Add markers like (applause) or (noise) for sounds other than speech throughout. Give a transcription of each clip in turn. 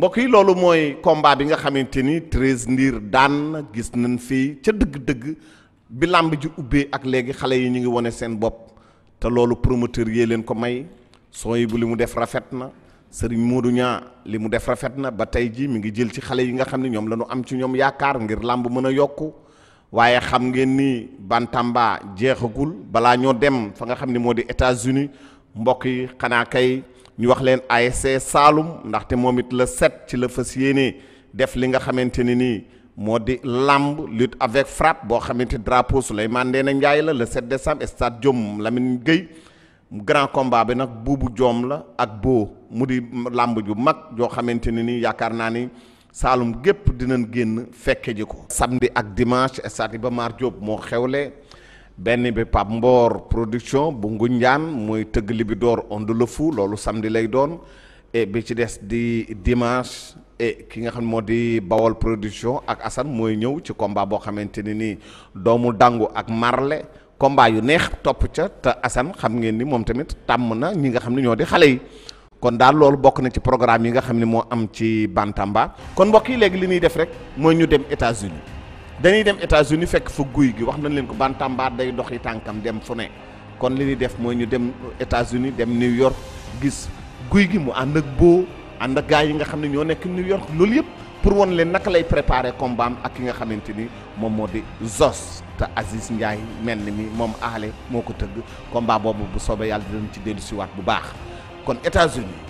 mbokk yi loolu mooy combat bi nga xamante ni Treize Ndir daan gis nañ fii ca dëgg-dëgg bi làmb ji ubbee ak léegi xale yi ñu ngi wone seen bopp te loolu promoteur yee leen ko may sooy bu li mu def rafet na Serigne Modou Niang li mu def rafet na ba tey ji mi ngi jël ci xale yi nga xam ne ñoom la ñu am ci ñoom yaakaar ngir làmb mën a yokku waaye xam ngeen ni Bantamba jeexagul balaa ñoo dem fa nga xam ne moo di États-Unis mbokk yi xanaa kay. ñu wax leen ay ASC Saalum ndaxte moom it la set ci la fas yéene def li nga xamante ne nii moo di làmb lutte avec frappe boo xamante drapeau Souleymane na Ndiaye la la 7 décembre stade Diom Lamine Gueye grand combat bi nag buubu joom la ak boo mu di lamb ju mag joo xamante ne nii yaakaar naa ni Saalum gépp dinañ génn fekke ji ko. samedi ak dimanche stade Iba Mar Diop moo xewle. benn bi Pape Mbor production bu Ngunjaan mooy tëgg Libidoor Onde le Fou loolu samedi lay doon bi ci des di dimanche ki nga xam moo di Bawol production ak Assane mooy ñëw ci combat boo xamante ni nii doomu dangu ak marle combat yu neex topp ca te Assane xam ngeen ni moom tamit tàmm na ñi nga xam ne ñoo di xale yi. kon daal loolu bokk na ci programme yi nga xam ne moo am ci Bantamba kon mbokk yi léegi li ñuy def rek mooy ñu dem États-Unis dañuy dem États-Unis fekk fa guy gi wax nañ leen ko bantamba day dox yi tànkam dem fu ne kon li ñuy def mooy ñu dem États-Unis dem New York gis guy gi mu ànd ak boo ànd ak gars yi nga xam ne ñoo nekk New York loolu yëpp pour won leen naka lay préparer combat ak ki nga xamante ni moom moo di Zos te Aziz Ndiaye mel ni mi moom aale moo ko tëgg combat boobu bu soobee yàlla dinañ ci dellusiwaat bu baax kon États-Unis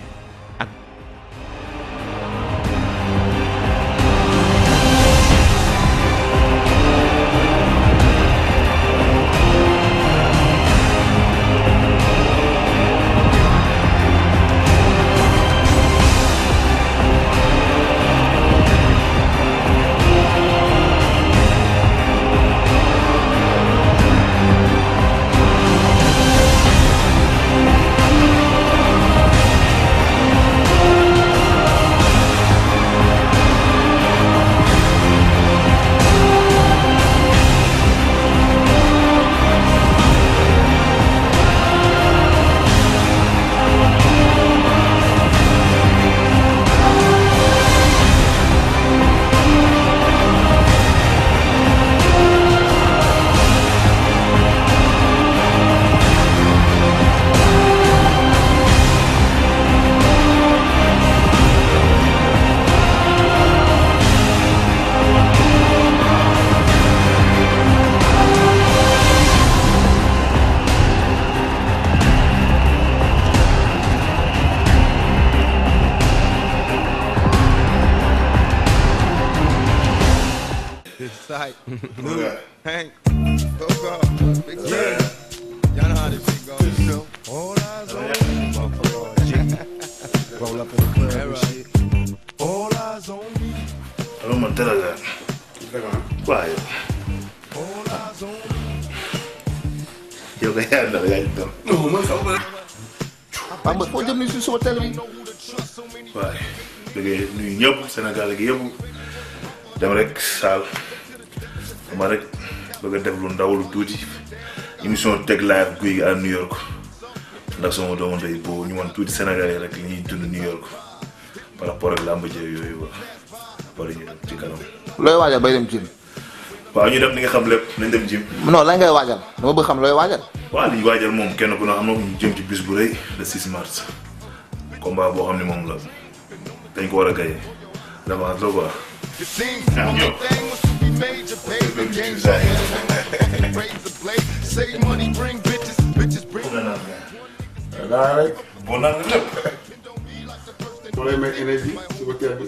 dafa oh, ma dara la. waaye. yow kay yaa ndax yaa ngi doon. waaw man foo jëm nii lu ndaw lu tuuti émission teg live guy gi à New York ndax sama doomu boobu ñu mën tuuti Sénégal yi rek li ñuy dund New York par rapport ak làmb jëy yooyu ba. wala ñu dem ci kanam. looy waajal bay dem gym. waaw ñu dem li nga xam lépp nañ dem gym. non lan ngay waajal dama bëgg xam looy waajal. waaw li ñu waajal moom kenn ku ne am na ñu jëm ci bis bu rëy le 6 mars. combat boo xam ne moom la dañ ko war a gagné damaa la quoi. ah ñëw. bu naan rek. bu naan lépp. (laughs) moo lay may énergie suba teel bi.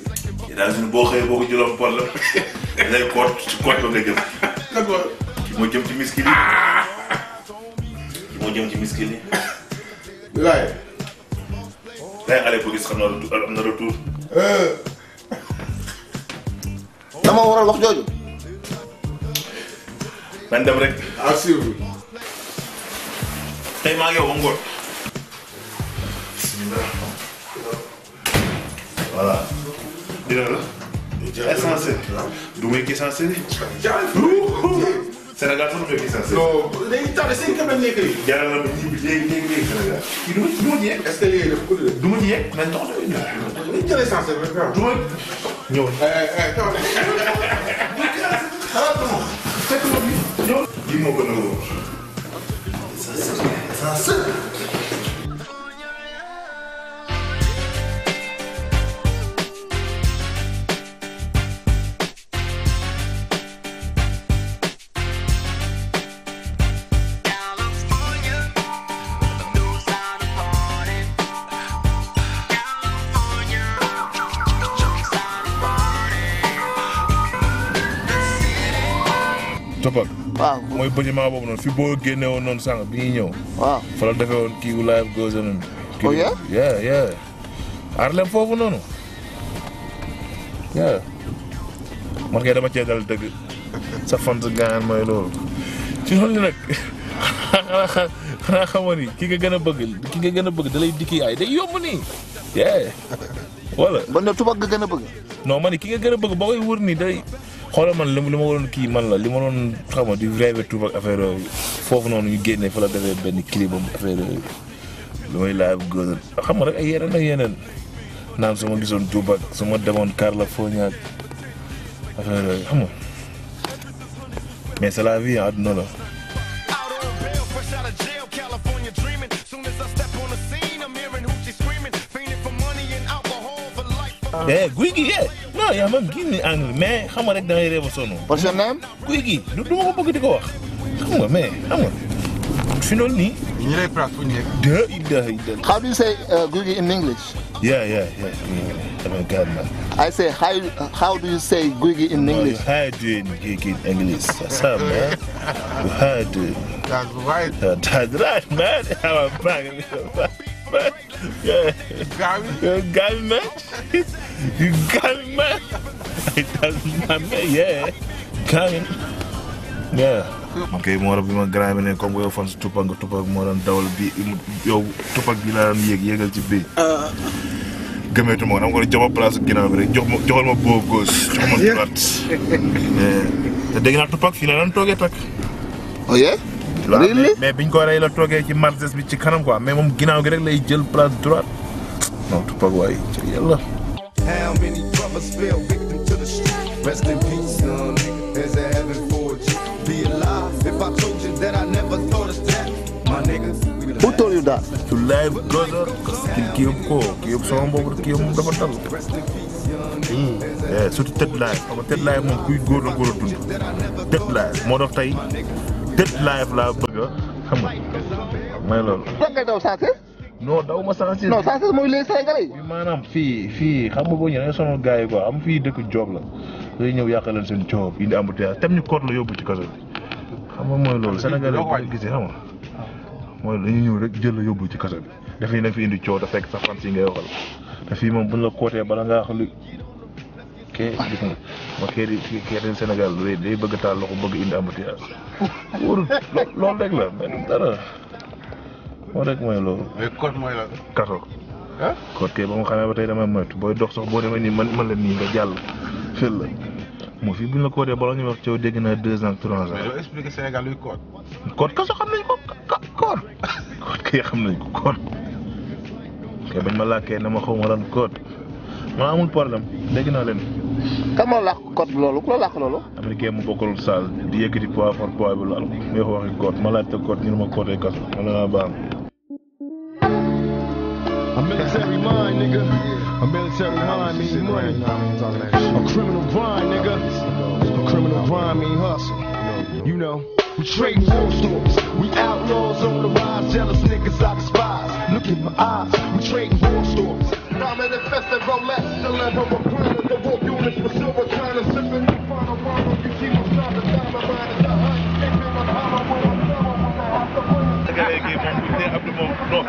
ñu daal suñu boo xëyee boo ko jëloon bon la. (laughs) da ngay koot ci koot ba nga jëm. d'accord ki moo jëm ci miskili. Ah! ki moo jëm ci miskili. laay. day ale ko gis xam na retour am na retour. Eh! dama waral wax jooju. man dem rek. à suivre. tey maa ngi yow ba ngoon. bismillah. voilà. dina la. essentiel. Eh, eh, (laughs) du may gis essentiel. Sénégal sax du may gis essentiel. non léegi taw seen kër lañ jaral na ma ji léegi léegi léegi Sénégal. kii du ma du ma ci yegg. est-ce que léegi dafa gudd du ma ci yegg mais ndox doy nañu. jël essentiel rek waaw. du ma ñëw. xalaatuma. bii moo gën a wóor. essentiel essentiel. mooy bëñumaa boobu noonu fi boo génne woon noonu sànq bi ñuy ñëw. waaw defe woon kii wu live goes on. oh yeah yeah yeah. Harlem foofu noonu. yeah. man kay dama cee dal dëgg. sa fan sa gaan mooy loolu. ci loolu nag (laughs) xanaa xamoon ni ki nga gën a bëgg ki nga gën a bëgg dalay dikki ay day yomb nii. yeah. wala. man de tubaab nga gën a bëgg. noo ma ni ki nga gën a bëgg boo koy wër nii day. xoola man li ma waroon kii man la li ma doon xam di rêvé tuub ak affaire foofu noonu ñu génne fa la defee benn clipam affaire yooyu li may laaj góor xam nga rek ay yeneen ak yeneen naan su gisoon tuub ak su ma demoon kàr la foo ñaag affaire yooyu xam nga mais la vie àdduna la. Eh, guy gi eh. non yaa ma génne anglais mais xam nga rek da ngay réew a sonn. parce que naam. guy gi du du ma ko bëgg di ko wax. xam nga mais xam nga. fi noonu nii. ñu lay praat fu ñu nekk. deux deux. how do you say uh, guy gi in English. yeah yeah yeah. I'm a guy man. I say how how do you say guy gi in English. No, how do you guy gi in English. Sam man. How do. You... That's right. That's right man. Yeah. Gary? Gary Match? Gary Match? kay moo bi ma grand bi ne comme yow fan si Tupac nga Tupac moo daan dawal bi yow Tupac bi laa daan yéeg yéegal ci bii. Ah. gëmeetu ma ko dama ma place ginnaaw bi rek jox ma joxal ma boo ma droite. (laughs) Eh, te dégg naa Tupac fii la daan really mais biñ ko rey la toogee ci Mercedes bi ci kanam quoi mais moom ginnaaw gi rek lay jël place droite non Tupac waay ci yàlla. How many brothers fell victim to the street? Rest in peace, young nigga. There's a heaven for you. Be alive if I told you that I never thought of that. My nigga, who told you that? to live brother. kii kii yëpp koo kii yëpp sama boobu kii yëpp moom dafa dal. Hmm. Eh, surtout Ted Live xam nga Ted Live moom kuy góor la góor a dund Ted Live moo tax tey. dét live laa bëgg a xam nga mooy loolu. foog nga daw Sanchez. non daw ma Sanchez. non Sanchez mooy les Sénégalais. maanaam fii fii xam nga boo ñëwee dañoo sonal gars yi am fii dëkk joob la day ñëw yàq leen seen coob indi embouteillage tam ñu koot la yóbbu ci kaso bi xam nga mooy loolu Sénégalais yi gisee xam nga mooy dañuy ñëw rek jël la yóbbu ci kaso bi dafay nag fi indi coow te fekk sa fan si ngay waxal te fii moom buñ la kootee bala ngaa wax lu kee ma kër yi kër yi Sénégal day bëgg taal loxo bëgg indi embouteillage wóorul loolu rek la mais dara moo rek mooy loolu. mais code mooy la. kato. ah code kay ba ma xamee ba tey damay moytu booy dox sax boo demee nii man man nii nga jàll la moo fi buñ la codé ñu wax ci dégg naa deux ans trois ans. mais ko code code kay xam nañ ko code kay bañ ma làkkee ne ma xaw ma lan code ma amul problème dégg naa leen. kan moo làq kot loolu ku la làq loolu. américain mu bokkul saal di yëkkati poids par poids bi la alko nga wax waxi kot ma laajte kot ñu ne ma kot ay kas ma ne laa We trade war stories. We outlaws on the rise, jealous niggas I despise. Look in my eyes, we trade war stories. Rhyming and festive Rolex, still in her recliner. The war units for silver, trying to sip it. Final model, you see what's not the diamond mine is the hunt. léegi moom bu ñu nee Abdou moom non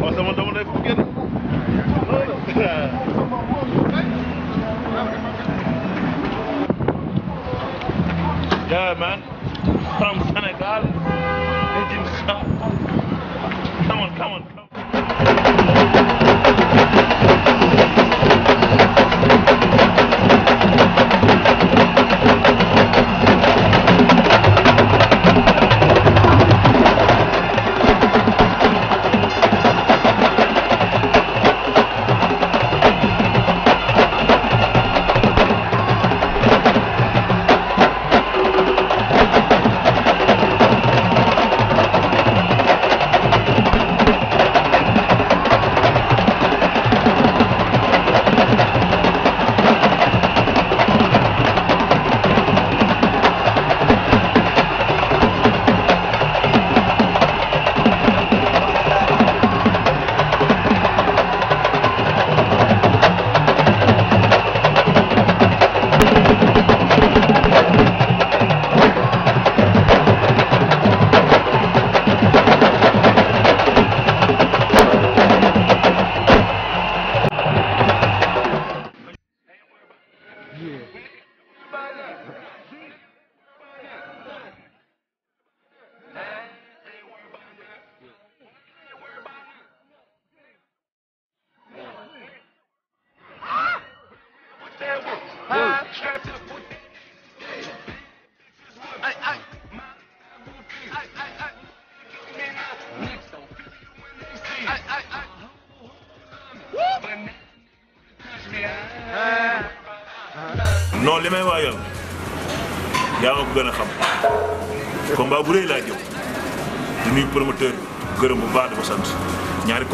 waaw sama dama lay fu génn Yeah, man. from Senegal. Come on, come on, come on.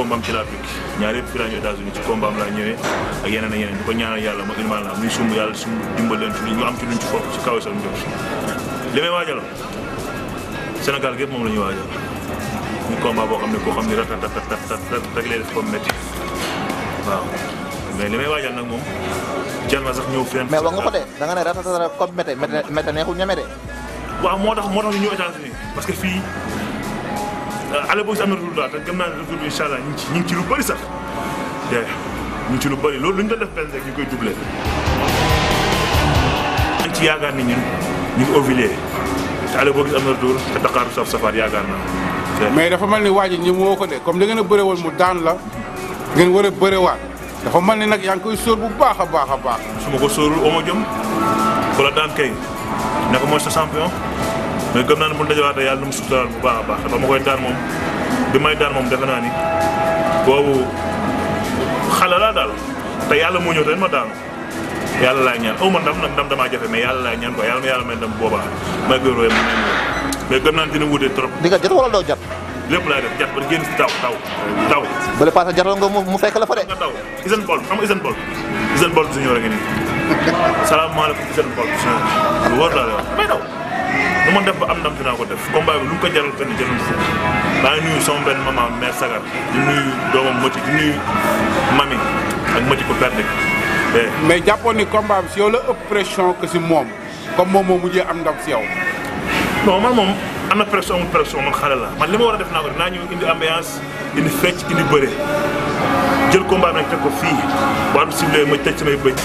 combat ci la Afrique ñaar yëpp fi États-Unis ci combat am laa ñëwee ak yeneen ak yeneen di ko yàlla ma ilmaan la muy sumb yàlla sumb dimbal leen ci ñu ci luñ ci foofu ci kaw Sénégal gépp moom la ñuy waajal ñu combat boo xam ne koo xam ne ratatatat rek lay def comme métti waaw li may waajal nag moom jar na sax ñëw fenn mais wax nga ko de da nga ne ratatatat comme métti métti neexul ñeme de waaw moo tax moo tax ñu ñëw États-Unis parce que fii ala boobu si am na daal te gëm naa ne retour bi incha allah ñu ngi ci lu bëri sax te ñu lu bëri loolu lu ñu doon def benn ñu koy doublé. dañ ci yaakaar ni ñun ñu ngi Auvilliers te ala boobu am na retour te Dakar saf safaar yaakaar naa. mais dafa mel ni waa ji ñi moo ko de comme da nga a bëre woon mu daan la ngeen war a bërewaat dafa mel ni nag yaa ngi koy sóor bu baax a baax a baax. su ko sóorul omo jom wala daan kay naka mooy sa champion. mais gëm naa ne bu ñu dajawaatee yàlla na mu suturaal bu baax a baax dama koy daan moom bi may daan moom defe naa ni boobu xale laa daal te yàlla moo ñëw ren ma daanu yàlla laay ñaan aw ma ndam nag ndam damaa jafe mais yàlla laay ñaan quoi yàlla ma yàlla may ndam boobaa may gën a mais gëm naa ne dina wutee trop. di nga jot wala doo jot. lépp laay def jat ba génn si taw taw taw. bële paase jatoon nga mu fekk la fa de. nga taw Usain Bolt am Usain junior a ngi nii (laughs) salaamaaleykum Usain Bolt junior lu wóor laa nu ma def ba am ndam dinaa ko def combat bi lu ko jaral benn jaral fukk maa ngi nuyu sama benn maman mère Sagar di nuyu doomam Mati di nuyu mami ak Mati ko perte eh. mais jàppoon ni combat bi si yow la ëpp pression que moom comme moom moo mujjee am ndam si yow. non moom am na pression amul pression man xale la man li ma war a def naa ko dinaa ñëw indi ambiance indi fecc indi bëre jël combat bi nag teg ko fii bu am ciblé ma tëj samay bëj.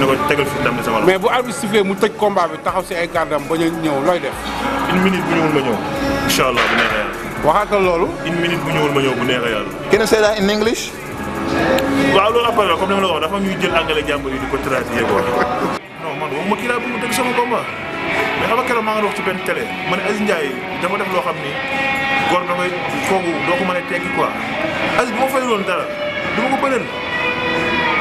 ne ko tegal fi ndam bi sama mais bu si sifflé mu tëj kombaa bi taxaw si ay gardam ba ñu ñëw looy def. une minute bu ñëwul ma ñëw. incha bu neexee yàlla. waxaatal loolu. une minute bu ñëwul ma ñëw bu neexee yàlla. can you say that in English. waaw loolu après la comme ni ma wax dafa ñuy jël angale jàmbur yi di ko traduire quoi. non man waxuma kii laa bëgg mu tëgg sama combat. mais xam a keroog maa ngi wax ci benn télé ma ne Aziz dafa def loo xam ni góor da koy foogu doo ko mën a teggi quoi Aziz bu ma fay loon dara du ma ko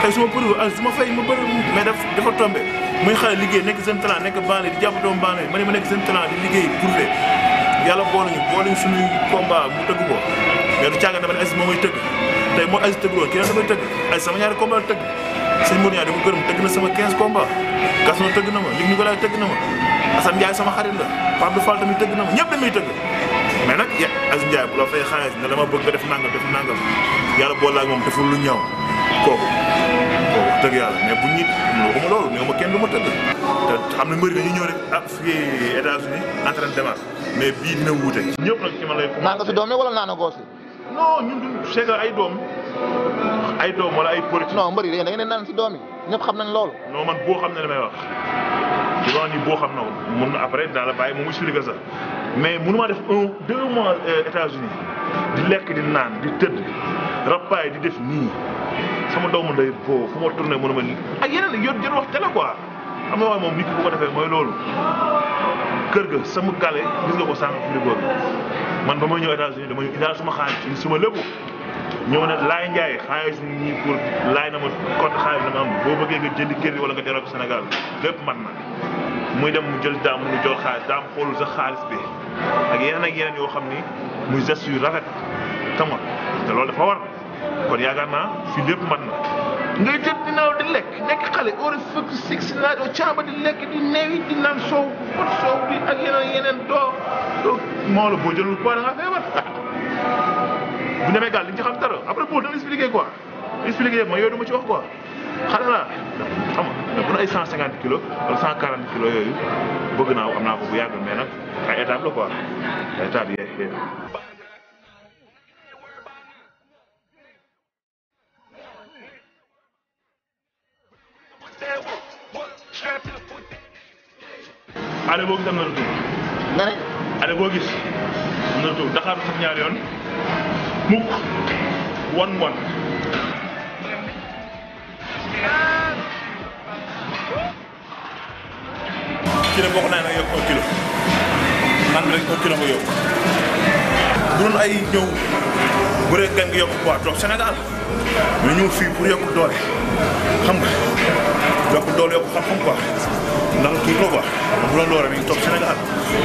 te suma ma përëwul ah su ma fay ma bëri mais daf dafa tombé muy xale liggéey nekk seen talent nekk banlé di jàpp doomu banlé ma ne ma nekk seen talent di liggéey prouvé yàlla boole ñu boole ñu suñuy combat mu tëgg ko mais du caaga dama ne Aziz moo may tey moo Aziz tëgg loolu keneen damay sama ñaari combat la tëgg sëñ Mourou Niang di ko tëgg na sama 15 combat gas na na ma lig ñu ko laay tëgg na ma Assane Ndiaye sama xarit la Pape Fall tamit tëgg na ma ñëpp damay tëgg mais nag Aziz Ndiaye bu la fay xaalis ne dama bëgg nga def nangam def nangam yàlla boole ak moom deful lu ñaaw kooku kooku wax dëgg yàlla mais bu ñu loolu nga kenn du ma tëdd te xam ne mbëri dañuy ñëw rek ak ah mais bii dina wuute ñëpp nag ci ma lay ay doom ay doom wala ay politique da ngeen naan si doom ñëpp xam nañ loolu non man ne damay wax di ma ni xam na mun na après daal la bàyyi mais mënu def un deux mois euh, di lekk di naan di tëdd rappaay di def nii sama doomu ndey boo fu ma tourné mënu ma ni ak yeneen yoon jën wax télé quoi am na mooy loolu kër sama gale gis nga ko sànq frigo man ba may ñëw États-Unis dama ñëw daal suma xaalis suma lépp ñëw ne laay njaay xaalis ñi pour laay na ma compte xaalis dama boo bëggee nga wala nga delloo ko lépp man na dem mu jël daam mu jël xaalis daam xoolul bi ak yeneen ak yoo xam ni muy geste yu rafet xam nga te loolu dafa war kon yaakaar naa fi lépp mën na. ngay jot di naaw di lekk nekk xale heure fukk six naa doo caaba di lekk di neewi di naan soow pot soow di ak yeneen yeneen doo moo la boo jëlul poids da nga feebar ah. bu demee gàll liñ ci xam dara après boo dana expliqué quoi expliqué mooy yooyu du ma ci wax quoi xale laa xam nga bu na ay cent cinquante kilos wala cent quarante kilos yooyu bëgg naa am naa ko bu yàgg mais nag ay étape la quoi ay étape yee ale boo gis am na retour. nga ne. ale ñaari yoon mukk wan wan. ci la bokk naa ne yokk au kilo man rek au kilo nga yokk bu doon ay ñëw bu dee gan gi yokk poids toog Sénégal ñu ñëw fii pour yokk doole xam nga yokk doole yokk xam-xam quoi. ndax kii ko quoi bu la loolee dañuy toog Sénégal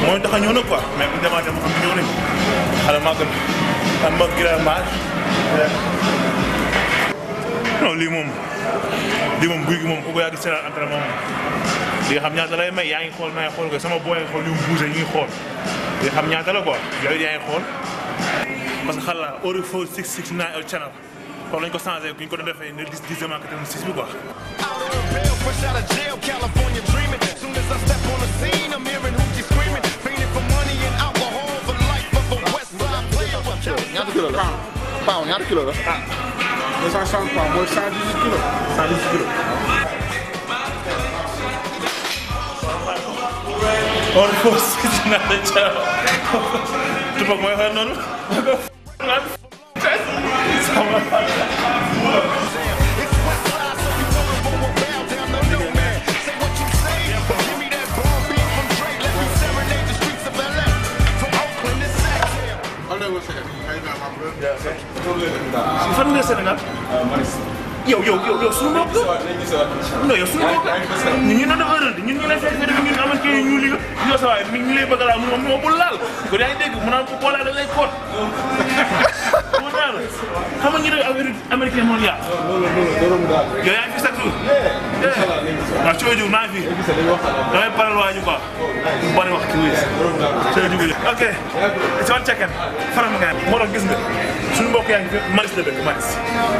mooy tax a ñëw na quoi mais bu ñu demaatee ba xam ne ñëw nañu xale maa gën am ma giraar marge non lii moom lii moom guy gi moom ku ko yàgg Sénégal entraînement moom di nga xam ñaata lay may yaa ngi xool maa ngi xool ko sama booy xool yu mu bougé ñu ngi xool di nga xam ñaata la quoi yooyu yaa ngi xool parce que xalaat heure il faut six six nine euh, channel kon lañ ko changé ku ñu ko doon defee ne dix dixième ak quatre-vingt-six bi quoi. ñaata kilo la paaw ñaata kilo la. ah 260 paaw mooy 118 kilos. 118 kilos. on foog si dina la caa tubaab mooy xel noonu. fan nga Sénégal. yow yow yow yow suñu mbokk. non yow suñu mbokk. ñun ñu doon def ñun ñu lay fekk nga def ñun amal kii ñu li yow sa waay mi ñu lay bëgg a laal moom moo bul laal. kon yaa ngi dégg mu naan ko boolaa da lay koot. yàq a xam nga ñu ne affaire américain moom yàq. loolu loolu yow yaa ngi a sakku. a coono maa ngi fi. damay paral waa ñu baax. bu bari wax ci wéesi. coono jiw ok. gis nga suñu mbokk yaa ngi fi maris la dëkk maris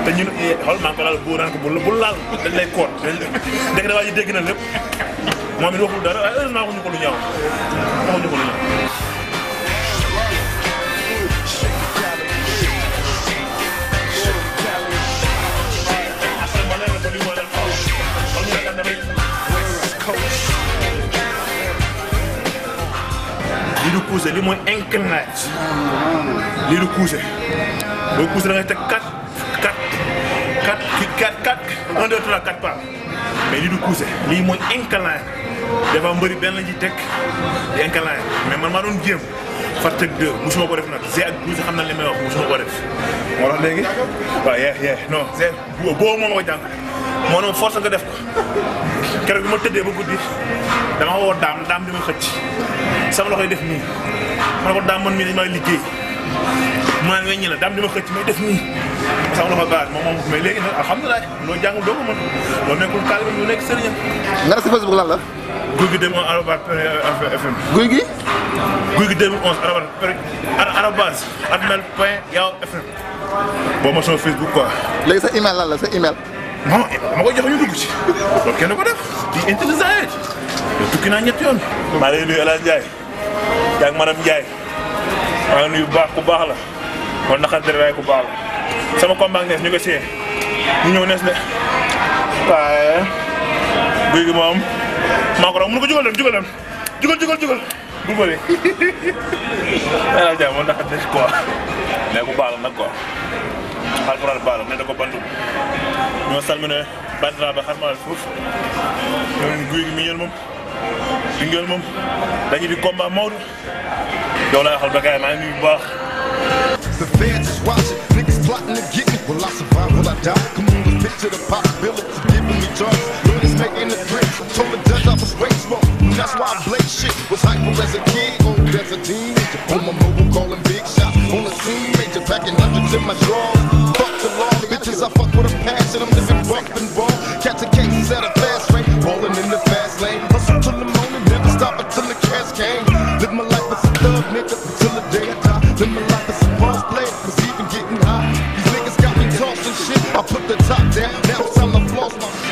te ñun eh, xool maa ngi ko bu naan ko bu laal dañ lay koot. dégg nga waa ji dégg na lépp moom it waxul dara ko lu ñu couché lii mooy inclinage lii du couché booy couché da ngay teg 4 4 4 4 4 1 2 3 4 pas mais lii du couché lii mooy inclinage dafa mbëri benn ji ci teg di inclinage mais man maa doon jéem far teg 2 musuma ko def nag G ak couché xam na li may wax musuma ko def moo tax léegi waaw yee yee non G boobu moo ma jàng moo ne force nga def ko keroog bi ma tëddee ba guddi dama woo daam daam di ma xëcc sama loxo yi def nii ma ne ko daam man mii dañ maa liggéey ma weññi la daam di ma xëcc may def nii sama loxo baax moom moom mais léegi nag alhamdulilah loo jàngul doo ko mën loo nekkul taalibe lu nekk sëriñam nga def si Facebook lan la guy gi 2011 arobase fm guy gi guy gi 2011 arobase arobase atmail point yahoo fm boo ma sama Facebook quoi léegi sa email lan la sa email non ma koy jox ñu dugg ci loolu kenn ko def di intelligent yow tukki naa ñetti yoon. maa ngi lay nuyu El Hadj Ndiaye. yaa ngi madame bu baax ku baax la. kon naqar dara waaye ku baax la. sama combat nees ñu ko siyee. ñu ñëw nees ne. waaye. guy gi moom. maa ko raw mënu ko jugal jugal jugal jugal jugal. du bëri. El Hadj Ndiaye moom naqar nees ku baax la nag quoi. alxuraan baax la ne da ko bantu. ñoo salminé. banndiraaɓe harmaɓe fof jooni guygi miñol mum ɓinngel mum dañiɗi combat mawɗo dowla holɓe kaye ma anndi baax The fans is watching, niggas plotting to get me. Will I survive? Will I die? Come on, let's picture the possibility. Giving me drugs, Lord is making the grip. Told the judge I was way small, that's why I played shit. Was hyper as a kid, old as a teenager. On my mobile, calling big shots. On the scene, major packing hundreds in my drawers. Fuck the law, bitches I fuck with a passion, I'm living a case at a fast in the fast lane. Hustle till the morning, never stop until the cash came. my life as a thug, nigga, until the day I die. Live my life as a boss player, cause even getting high. These niggas got me tossing shit, I put the top down, now it's time to floss my shit.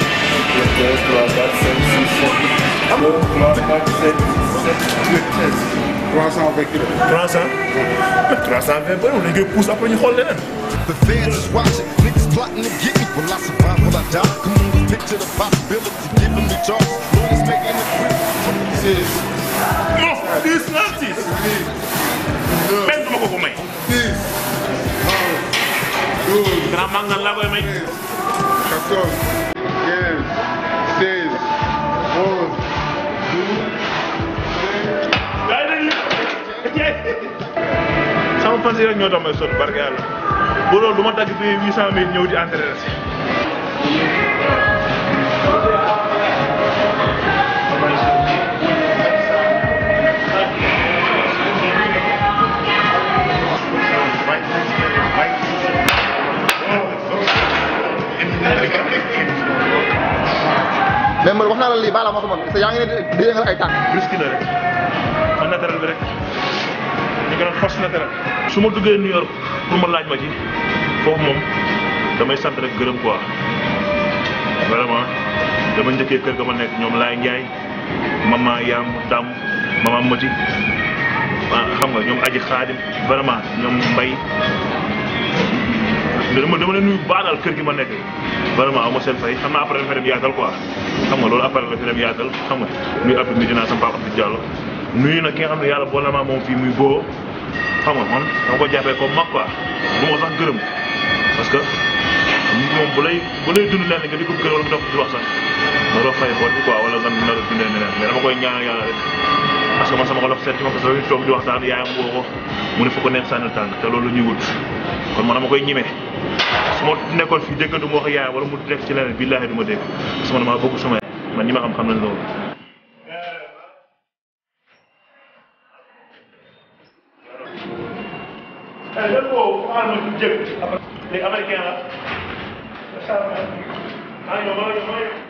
The fans is watching. plotting to get me. Will I survive? Will I die? Come on, let's picture the possibility. Giving me charge. Lord is making it quick. Non, dis naa tiis. benn du ma ko ko may. tiis. grand mag nan laa koy may. 14 15 16 11 sama fan si rek ñoo tax bu loolu du ma dagg bi 800000 ñëw di entraîné si. mais man wax naa la lii baala ma ko mën te yaa ngi ne di yëngal ay tànk. risque la rek man naturel bi rek. Grand fas na dara su ma duggee New York pour ma laaj ma ci foofu moom damay sant rek gërëm quoi vraiment dama njëkkee kër ga ma nekk ñoom laay Ndiaye maman Yaam Dam maman Mati ah xam nga ñoom aji xaadim vraiment ñoom mbay dama dama leen nuyu baadal kër gi ma nekk vraiment aw ma seen fay xam naa après dafa dem yaatal quoi xam nga loolu après la fi dem yaatal xam nga nuyu ab mi dinaa sama papa Abdou Diallo nuyu na ki nga xam yàlla boole maa moom fii muy boo xam nga man dama ko jàppee comme mag quoi bu ma sax gërëm parce que moom bu lay bu lay dund lenn nga di ko gërëm wala mu dox di wax sax nga dox fay boot bi quoi wala nga nar a dundee neneen mais dama koy ñaanal yàlla rek parce que man sama xolof seet ci ma ko sax toog di waxtaan yaayam woo ko mu ne fa ko nekk sànni tànk te loolu ñuy wut kon man dama koy ñime su nekkoon fii dégg du ma wax yaayam wala mu nekk ci leneen billaahi du ma dégg parce que man maa bëgg sama man ñi ma xam xam nañ ne lan woowu xaaral ma ci jëm léegi américain la. macha allah maa ngi ñëw maa ngi ñëw maa ngi ñëw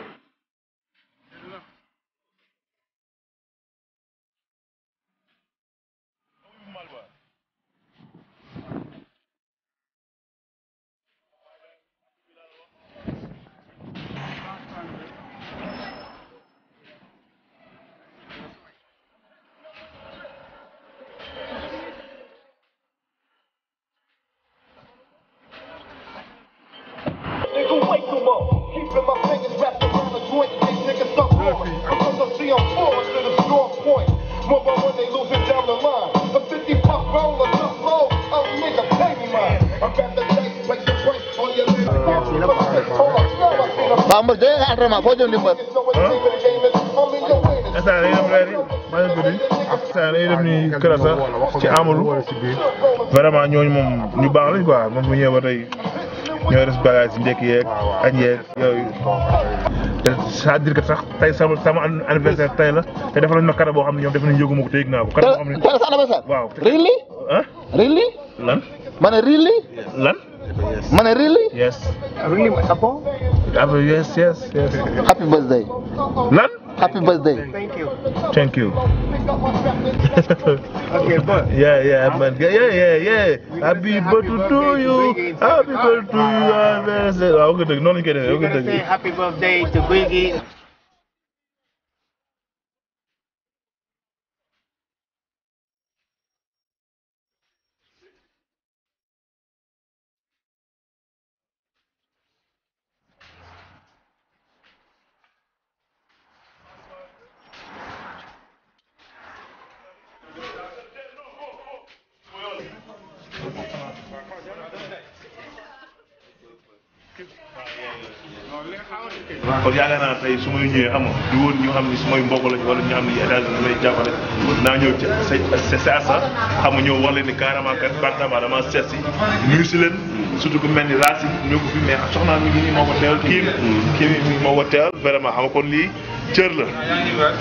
low. Keeping my fingers wrapped around a joint, these niggas up raw. I'm from the sea, I'm forward to the strong point. More when they losing down the line. A 50 puff roll, a tough low. Oh, nigga, pay me mine. I'm at the day, like the price on your lips. Vamos de agarrar más pollo, ni pues. Essa dañuy dem leer yi maa ngi guddi saa dañuy dem ni kër sax ci Amadou vraiment ñooñu moom ñu baax lañ quoi moom bu ñëwee ba tey ñooy res bagage yi ndékki yeeg añ yeeg yooyu sax tey sama sama anniversaire tey la te ma kara boo xam ne ñoom def nañ yëguma ko te ko kara boo xam really lan ma really lan ma really ah, yes yes happy birthday lan Happy birthday. Thank you. Thank you. okay, but yeah, yeah, man. Yeah, yeah, yeah. Happy birthday to you. Happy birthday to you. Happy birthday. Happy birthday to Guigi. kon yaakaar naa tey su may ñëwee xam nga di wóor ñu xam ni su may mbokk lañ wala ñu xam ni états-unis lay jàppale naa ñëw ca sa sa xam ñëw wax leen ni carrément dama seet si nuyu si ku mel ni Racine ñoo ko fi mais soxnaa mi ngi nii moo ko teewal kii kii moo ko teewal vraiment xam kon lii cër la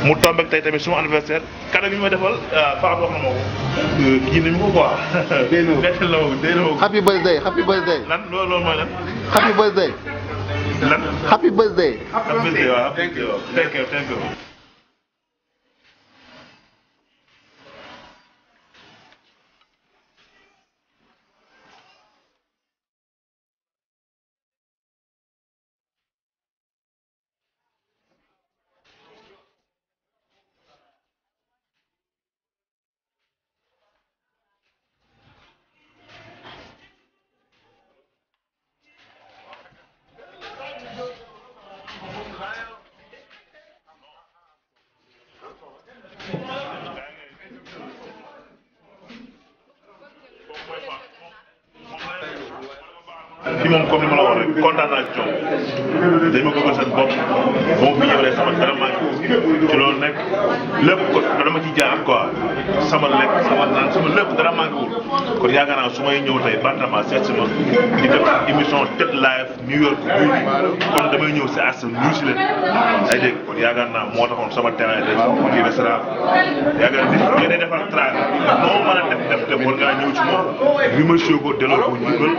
mu tombek tey tamit suma anniversaire kanam yi ma defal ah, Fapal wax na ma ko kii euh, nañu ko quoi. déedéet la ma ko déedéet la ma ko. happy birthday happy birthday. lan loolu loolu mooy lan. happy birthday. lan happy birthday. happy birthday waaw thank you thank you. moo taxoon sama terrain de kii restaurant yaakaar ni ñu ne defal traga noo mën a def def def war ngaa ñëw ci moom remercier ko delloo ko njukkal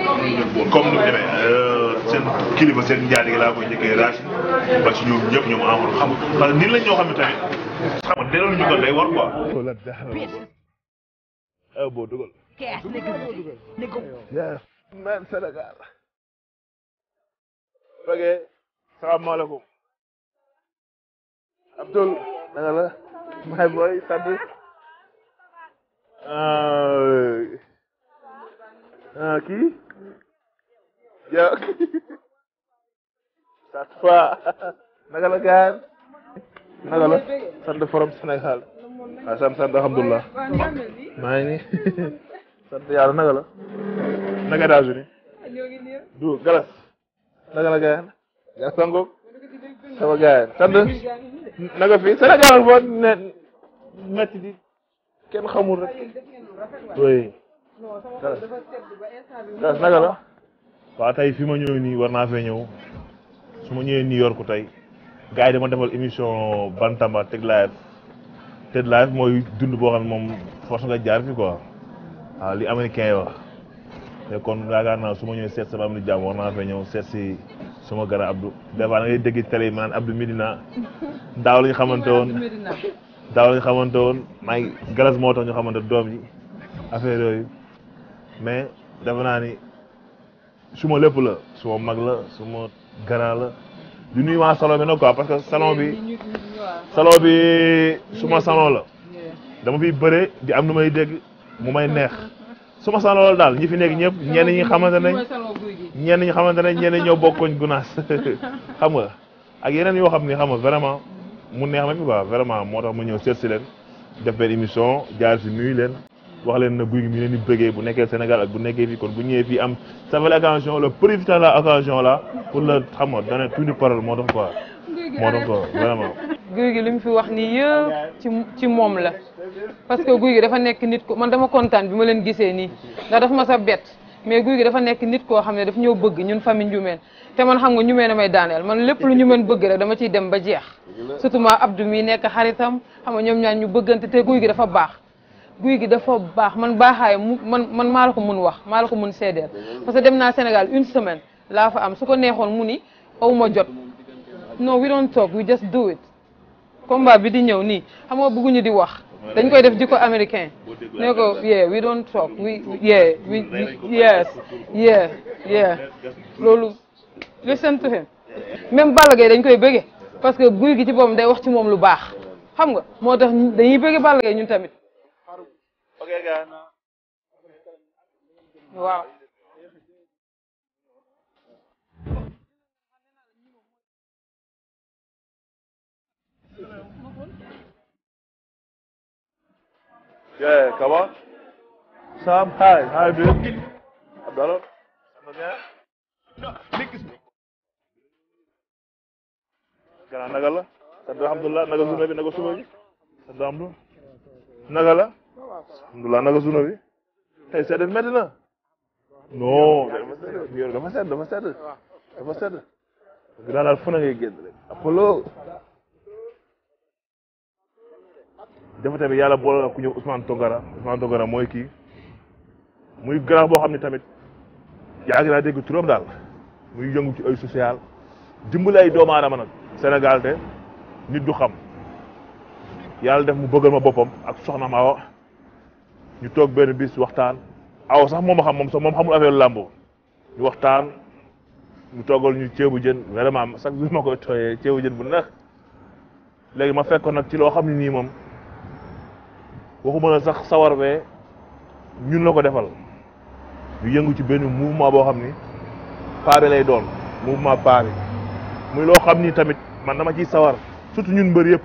comme ni mu demee euh, seen kilifa seen njaatige laa koy njëkkee raaj ba ci ñoom ñëpp ñoom amul xam parce que nii la ñoo xam ne tamit xam nga delloo ñu ko day war quoi boo dugal man Sénégal bëggee salaamaaleykum Abdoul nanga la my boy sant ah, ah, kii yow sant fa nanga la gaan nanga la sant forom Sénégal waaw ah, sant sant alhamdulilah maa ngi (laughs) sant yàlla nanga la nanga États-Unis du galas nanga la gaan galas sangoog sama gars yi sant na fi Sénégal di kenn xamul rek oui Galas la. waa tey fi ma ñëw nii war naa fee ñëw su ma ñëwee New York tey gaa yi ma defal émission Bantamba Tech Live Tech Live mooy dund boo xam ne moom force nga jaar fi quoi waaw li américain yi wax te kon yaakaar naa su ma ñëwee seet sama am ni jàmm war naa fee ñëw seet si. suma gara Abdou des fois da ngay dégg télé yi ma naan Abdou daaw la ñu xamante woon daaw la ñu woon maa ngi galas moo tax ñu xamante doom yi affaire yooyu mais defe naa ni suma lépp la suma mag la suma gara la du nuyu waa salon bi nag parce que salon bi salon bi suma salon la dama fiy bëre di am nu may dégg mu may neex suma salon la daal ñi fi nekk ñëpp ñenn ñi xamante nañ. ñenn ñi xamante ne ñenn ñoo bokkoñ gunaas (laughs) xam nga ak yeneen yoo xam ne xam nga vraiment mu neex na fi quoi vraiment moo tax ma ñëw seet si leen def benn émission jaar si nuyu leen wax leen na guy gi mi leen di bëggee bu nekkee Sénégal ak bu nekkee fii kon bu ñëwee fii am savale occasion la profitant la occasion la pour la xam nga donner tout de parole moo tax quoi moo tax quoi guy gi li mu fi wax nii yëpp ci moom la parce que guy gi dafa nekk nit ku man dama kontaan bi ma leen gisee nii ndax daf ma sa bett mais guy gi dafa nekk nit koo xam ne daf ñëw bëgg ñun famille Ndioumène te man xam nga Ndioumène may daaneel man lépp lu Ndioumène bëgg rek dama ciy dem ba jeex surtout ma Abdou mi nekk xaritam xam nga ñoom ñaan ñu bëggante te guy gi dafa baax guy gi dafa baax man baaxaay mu man man maa la ko mën wax maa la ko mun seedeel parce que dem naa Sénégal une semaine laa fa am su ko neexoon mu ni aw jot non we don't talk we just do it combat bi di ñëw nii xam bëgguñu di wax dañ koy def jikko américain ne ko yeah we don't talk we yeah we yes yeah yeah loolu listen to him même Balla Gaye dañ koy bëgge parce que guy gi ci boppam day wax ci moom lu baax xam nga moo tax dañuy bëgge Balla Gaye ñun tamit waaw Yeah, come on. Sam, hi. Hi, dude. Abdallah. Gana naga la. Sadu alhamdulillah naga suna ah. bi naga suna bi. Sadu alhamdu. Naga la. Alhamdulillah naga suna bi. Tey sedd métti na. Non. Dafa sedd dafa sedd dafa sedd. Dafa sedd. Gannaaw fu ne ngay génn rek. Apollo. dafa tamit yàlla boole ak ku ñëw Ousmane Tongara Ousmane Tongara mooy kii muy grand boo xam ne tamit yaa ngi naa dégg trop daal muy yëngu ci ay social dimbali ay doomu aadama nag Sénégal te nit du xam yàlla def mu bëggal ma boppam ak soxna ma ñu toog benn bis waxtaan aw sax moom a xam moom sax moom xamul affaire làmbo ñu waxtaan mu toggal ñu ceebu jën vraiment chaque jour ma koy tooyee ceebu jën bu neex léegi ma fekkoon nag ci loo xam ne nii moom waxuma la sax sawar we ñun la ko defal ñu yëngu ci benn mouvement boo xam ni paa lay doon mouvement paa bi muy loo xam ni tamit man dama ciy sawar surtout ñun mbër yëpp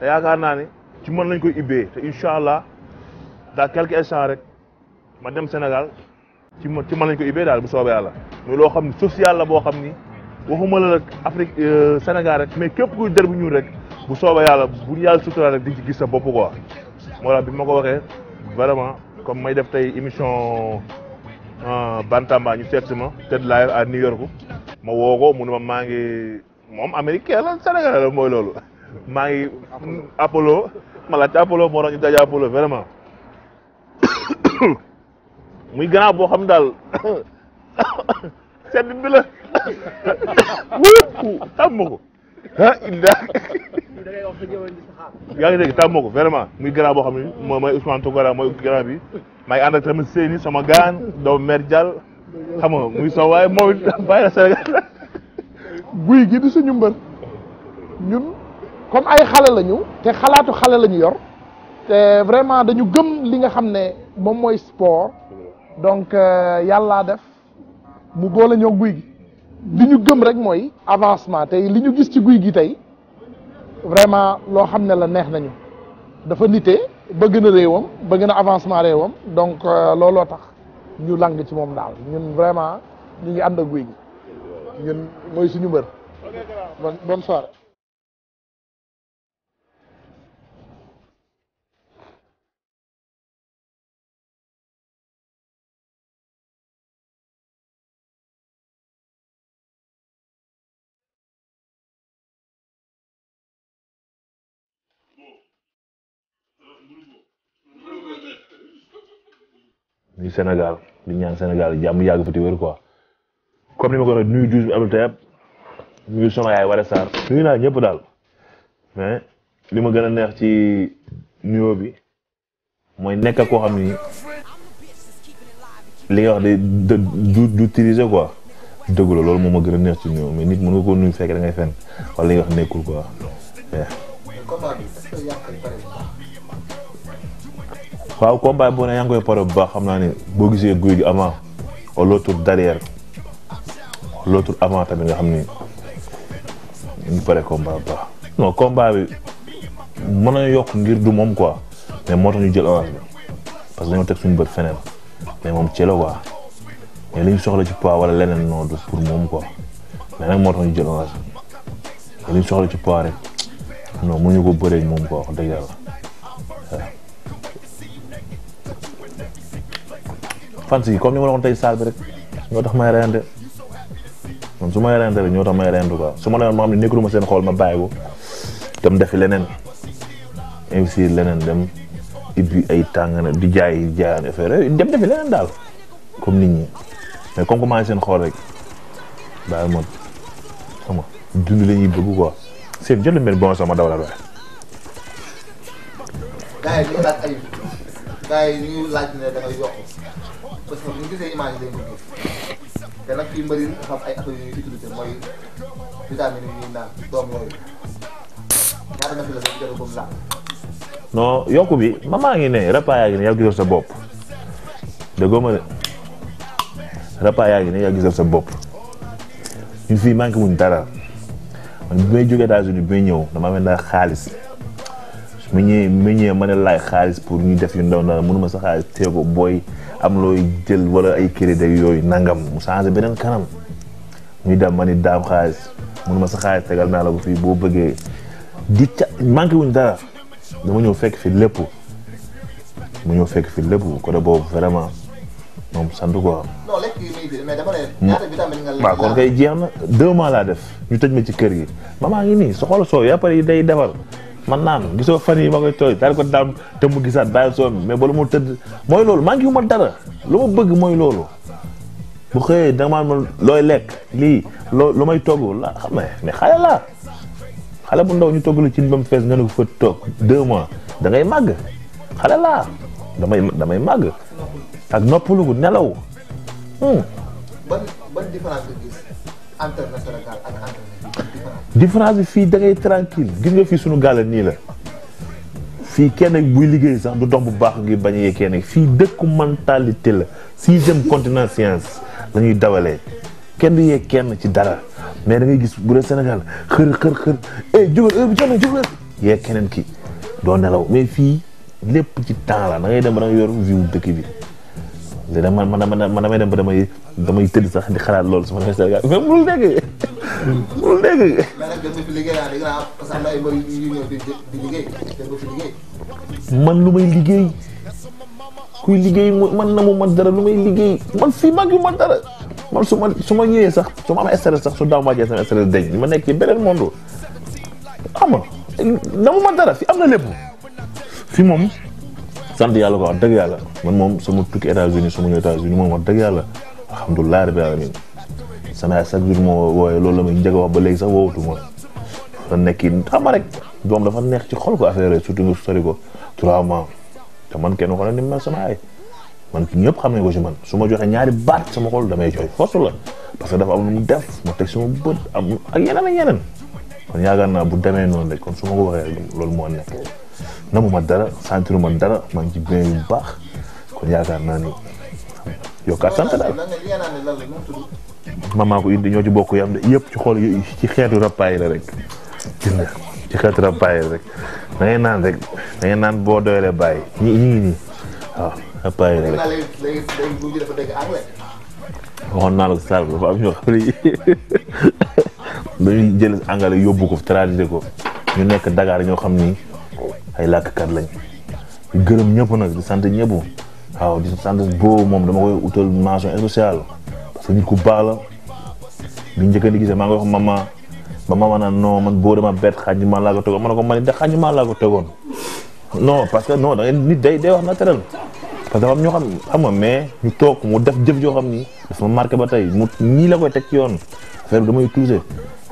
te yaakaar naa ne ci mën lañ koy ibbee te incha allah dans quelques instants rek ma dem Sénégal ci mën ci mën lañ koy ibbee daal bu soobee yàlla muy loo xam ni social la boo xam ni waxuma la Afrique euh, Sénégal rek mais képp kuy der bu rek bu soobee yàlla bu ñu yàlla sutura rek di ci gis sa bopp quoi. voilà bi ma ko waxee vraiment comme may def tey émission euh, Bantamba ñu seet ma TED live à New York ma woo ko mu ma maa ngi moom américain la Sénégal la mooy loolu maa ngi Apollo ma laajte Apollo moo tax ñu daje Apollo vraiment muy gannaaw boo xam daal (coughs) sedd bi la wuup xam ma ko ah yaa ngi dégg tàmmoo ko vraiment muy grand boo xam ne moom mooy Ousmane Tounkara mooy grand bi maa ngi ànd ak tamit Seyni sama gaan doomu mère jàll xam nga muy sama waaye moom it (laughs) bàyyi Sénégal guy gi du suñu mbër ñun comme ay xale la te xalaatu xale la ñu yor te vraiment dañu gëm li nga xam ne moom mooy sport donc euh, yàllaa def mu boole ñoo guy gi li ñu gëm rek mooy avancement tey li ñu gis ci guy gi tey vraiment loo xam ne la neex nañu dafa nite bëgg na réewam bëgg na avancement réewam donc euh, looloo tax ñu lang ci moom daal ñun vraiment ñu ngi ànd ak guy gi ñun mooy suñu mbër nuyu Sénégal di ñaan Sénégal jàmm yàgg fa ti wér quoi comme li ma ko waxee nuyu Diouf bi Abdou Tayeb nuyu sama yaay Waré Sarr nuyu naa ñëpp daal mais li ma gën a neex ci nuyoo bi mooy nekk koo xam ni li nga wax de de du d'utiliser quoi dëgg la loolu moom ma gën a neex ci nuyoo mais nit mën nga ko nuyu fekk da ngay fen wala li nga wax nekkul quoi. waaw combat boo ne yaa koy pare bu baax xam naa ne boo gisee guy gi avant l'autre derrière l'autre avant tamit nga xam ni ñu pare combat bu baax. non combat bi mën na yokk ngir du moom quoi mais moo tax ñu jël avance bi parce que dañoo teg suñu bët feneen mais moom ci la quoi li ñu soxla ci poids wala leneen non du pour moom quoi mais nag soxla ci poids rek non mënuñu ko bëree moom quoi dëgg yàlla. fans yi comme ni ma la waxoon tey saal bi rek ñoo tax may reyante man su may reyante rek ñoo tax may reyante quoi su ma nee ma ne nekkul ma seen xool ma bàyyi ko dem defi leneen investir leneen di jaay jaayaan daal comme nit ñi mais comme commencé seen xool rek bàyyi ma xam nga dund la ñuy bëgg seen jël mel bon sama daw la waaye. parce yokku bi mamaa ngi ne repas yaa ngi ne yaa gisal sa bopp déggoo ma de repas yaa ngi ne yaa gisal sa bopp ñu fii manqué wuñ dara man bi may jógee États-Unis bi may ñëw dama amee ndax xaalis mu ñëwee mu ñëwee ma ne laaj xaalis pour ñu def yu ndaw ndaw mënuma sa xaalis téye booy am looy jël wala ay crédit yooyu nangam mu changé beneen kanam ñu dem ma ni daam xaalis mënuma tegal naa la ko fii boo bëggee di ca manqué wuñ dara dama ñëw fekk fi lépp mu ñëw fekk fi lépp côté boobu vraiment moom sant ko. non lekk hmm. kon kay jeex na deux mois laa def ñu tëj ma ci kër gi maman ngi nii soxla soo yaa pare day defar. man naan gisoo fan yi ma koy tooy daal ko daam te mu gisaat bàyyi soo mais bala mu tëdd mooy loolu maa ngi wu ma dara lu ma bëgg mooy loolu bu xëyee danga ma looy lekk lii loo lu may togg la xam ne xale la bu ndaw ñu togg la ci ba mu fees nga ne mois da ngay damay damay màgg ak noppalu gu nelaw. ban différence bi fii da ngay tranquille gis nga fii suñu gàlla nii la fii kenn buy liggéey sax du dox bu baax ngi bañ a kenn fii dëkku mentalité la sixième continent science la ñuy kenn du yee kenn ci dara mais dangay ngay gis bu dee Sénégal xër xër xër eh jógal heure bi yee keneen ki doo nelaw mais fii lépp ci temps la da ngay dem da nga yor view dëkk bi dina man man man may dem ba damay damay tëdd sax di xalaat loolu su ma demee Sénégal mais man lu may liggéey kuy liggéey man na mu man dara lu may liggéey man fii mag yu man dara man su ma su ma ñëwee sax soo ma am stress sax su daaw ma jee sama stress deñ ma nekk ci beneen monde xam nga na mu man dara fi am na fi moom. sant yàlla ko wax dëgg yàlla man moom sama tukki États-Unis sama ñëw États-Unis moom wax dëgg yàlla alhamdulilah rabbil alamin sama yaay chaque jour moo wooyee loolu la muy njëkk a wax ba léegi sax woowatu ma fa nekk xam rek doom neex ci xol affaire yi surtout nga sori ko trois mois man kenn ko ne ni ma sama ñëpp xam nañ ko ci man su ma joxee ñaari baat sama xol damay jooy force la parce que am lu mu def ma teg sama bët am ak yeneen ak yeneen kon naa bu demee noonu rek kon ko waxee loolu moo namuma dara sentir ma dara maa ngi ci bien yu baax kon yaakaar naa ni yokkaat sant daal. maman indi ñoo ci bokk yam de yëpp ci xool ci xeetu rappaay rek. ci xeetu rappaay rek da ngay naan rek da ngay naan boo doyalee bàyyi ñi ñi ngi nii waaw (laughs) jël angale yóbbu ko traduire ko ñu nekk Dakar ñoo xam ni. ay làkkat lañ di gërëm ñëpp nag di sant ñëpp waaw di sant boobu moom dama koy utal mention spéciale parce que nit ku baax la bi njëkk di gisee maa ngi wax mama ba mama naan man boo dama bett xaaj maa laa ko ma ne ko man de xaaj maa laa ko tegoon non parce que non da ngeen nit day day wax naturel parce que dafa am xam xam nga ñu toog mu def jëf joo xam ni dafa marqué ba tey mu ñii la koy teg ci yoon affaire bi damay touché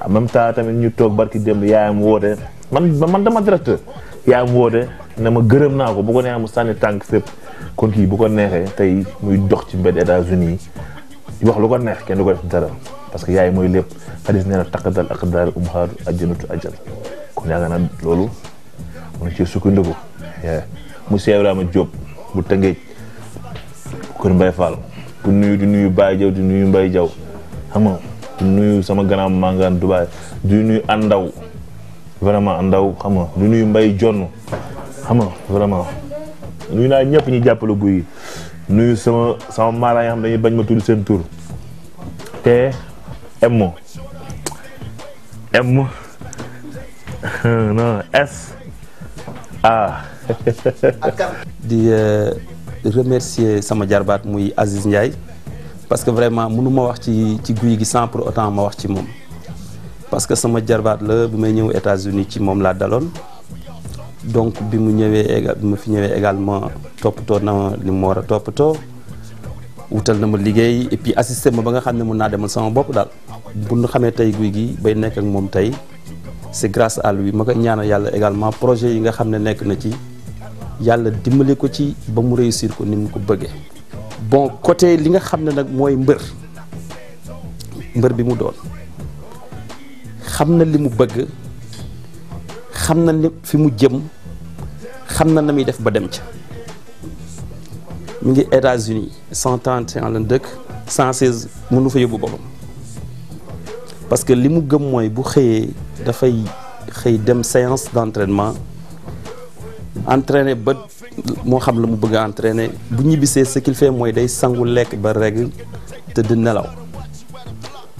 en même temps tamit ñu toog barki démb yaayam woote man dama directeur yaa boote na ma gërëm naa ko bu ko neexee mu sànni tànk sëpp kon kii bu ko neexee tey muy dox ci mbedd États-Unis yi wax lu ko neex kenn du ko def dara parce que yaay mooy lépp xadis nee na taqadal aqdaar umhaatu ajjanatu ajjal kon yaakaar naa loolu mun cee sukkandiku monsieur Ibrahima Diop bu Tëngéej kër Mbaye Fall du nuyu di nuyu Baye Diaw di nuyu Mbaye jaw xam nga nuyu sama ganaam mangaan Dubaay du nuyu Andaw vraiment ndaw xam nga lu nuyu mbay jonn xam nga vraiment naa ñëpp ñu jàppale guy nuy sama sama maara yi xam dañuy bañ ma tudd seen tur te M M (laughs) non S A. (laughs) di euh, remercier sama jarbaat muy Aziz Ndiaye parce que vraiment mënu ma wax ci ci guy gi sans pour autant ma wax ci moom. parce que sama jarbaat la bi may ñëw États-Unis ci moom laa daloon donc bi mu ñëwee bi ma fi ñëwee également toppatoo na ni mu war a toppatoo wutal na ma liggéey et puis ma ba nga xam ne mun naa demal sama bopp daal bu ñu xamee tey guy gi bay nekk ak moom tey c'est grace à lui ma koy ñaanal yàlla également projet yi nga xam ne nekk na ci yàlla dimbali ko ci ba mu réussir ko ni mu ko bëggee. bon côté li nga xam ne nag mooy mbër mbër bi mu doon. xam na li mu bëgg xam na ni fi mu jëm xam na na muy def ba dem ca mu ngi États-Unis cent trente et lan dëkk cent seize mënu fa boppam parce que li mu gëm mooy bu xëyee dafay xëy dem séance d'entraînement entraîner ba moo xam la mu bëgg a bu ñibbisee ce qu'il mooy day sangu lekk ba reg tëdd nelaw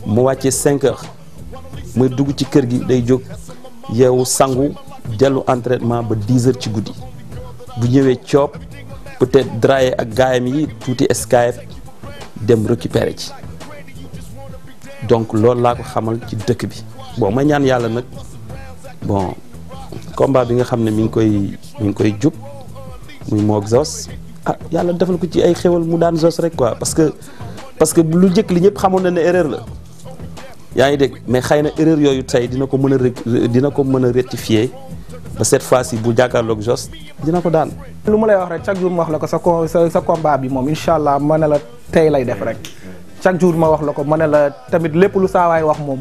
mu wàccee cinq heures mooy dugg ci kër gi day jóg yeewu sangu dellu entraitement ba 10 ci guddi bu ñëwee coob peut-être draye ak gaayam yi tuuti escayef dem récupérer ci donc loolu laa ko xamal ci dëkk bi bon ma ñaan yàlla nag bon combat bi nga xam ne mi ngi koy mu ngi koy jub muy moog Zos ah yàlla defal ko ci ay xewal mu daan Zos rek quoi parce que parce que lu njëkk li ñëpp xamoon na ne erreur la yaa ngi dégg mais xëy na erreur yooyu tey dina ko mën a dina ko mën a rectifier ba cette fois ci bu jàkkaarloog Jos dina ko daan. lu ma lay wax rek chaque jour ma wax la ko sa ko sa combat bi moom incha allah ma ne la tey lay def rek chaque jour ma wax la ko ma ne la tamit lépp lu saawaay wax moom.